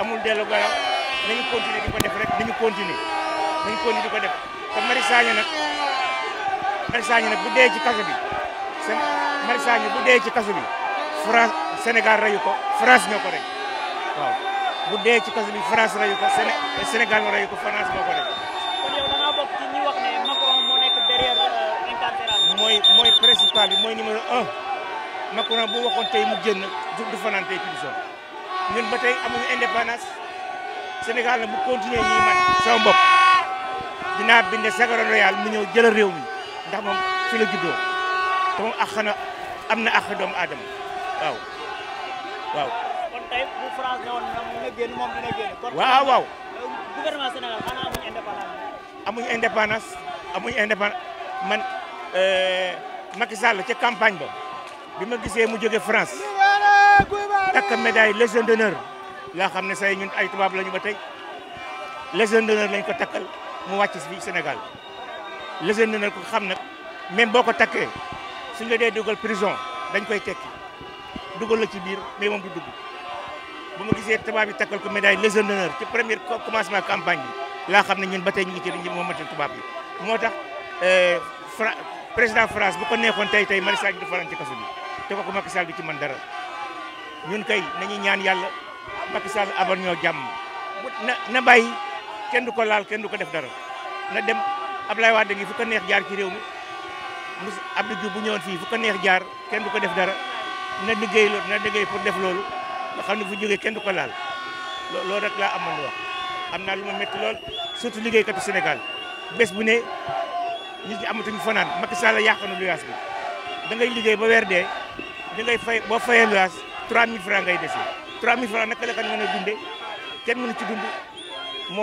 amul dellu gannaaw nañu continuer def rek nañu continuer di ko def te Mari Sagna nag Mari Sagna nag bu dee ci kaso bi seen ci kaso bi France Sénégal ko France ñoo ko rey waaw bu dee ci kaso bi France reyu ko Sénégal nga reyu ko France moo ko rey. Euh, mooy mooy bi mooy numéro un Macron bu waxoon tey mu du fanaan tey prison ñun ba tey amuñu indépendance Sénégal bu continuer ñuy man sama bopp dinaa bind sagara royal mu jël réew mi ndax moom fi la juddoo te moom na am na àq doomu aadama waaw waaw. kon tey bu France ne woon dina man Macky Sall ca campagne ba bi ma gisee mu jóge France. ak médaille légion d'honneur laa xam ne say ñun ay tubaab lañu ba tey les légion d'honneur lañ ko takkal mu wàcc fii Sénégal légion d'honneur ko xam nag même boo ko takkee suñ la dee dugal prison dañ koy tekki dugal la ci biir mais moom du dugg bu ma gisee tubaab yi takkal ko médaille légion d'honneur ci premier commencement campagne laa xam ne ñun ba tey ñu ngi ci dañuy moomatal tubaab yi moo tax euh, Fra président France bu ko neexoon tey tey Macky Sall du faral ci kaso bi te ko Macky Sall du ci mën dara. ñun kay nañu ñaan yàlla Macky Sall abal ñoo jàmm na na bàyyi kenn du ko laal kenn du ko def dara na dem Ablaye Wade ngi fu ko neex jaar ci réew mi Moussa Abdou Diouf bu ñëwoon fii fu ko neex jaar kenn du ko def dara na liggéey loolu na liggéey pour def loolu nga xam ne fu jógee kenn du ko laal loolu rek laa amoon wax am naa lu ma métti lool surtout liggéeykatu senegal bés bu ne nit ñi amatuñu fanaan Macky Sall yàq na luyaas bi da liggéey ba weer dee fay boo fayee 3000 francs ngay dese 3000 francs naka la kan mën a dundee kenn mënu ci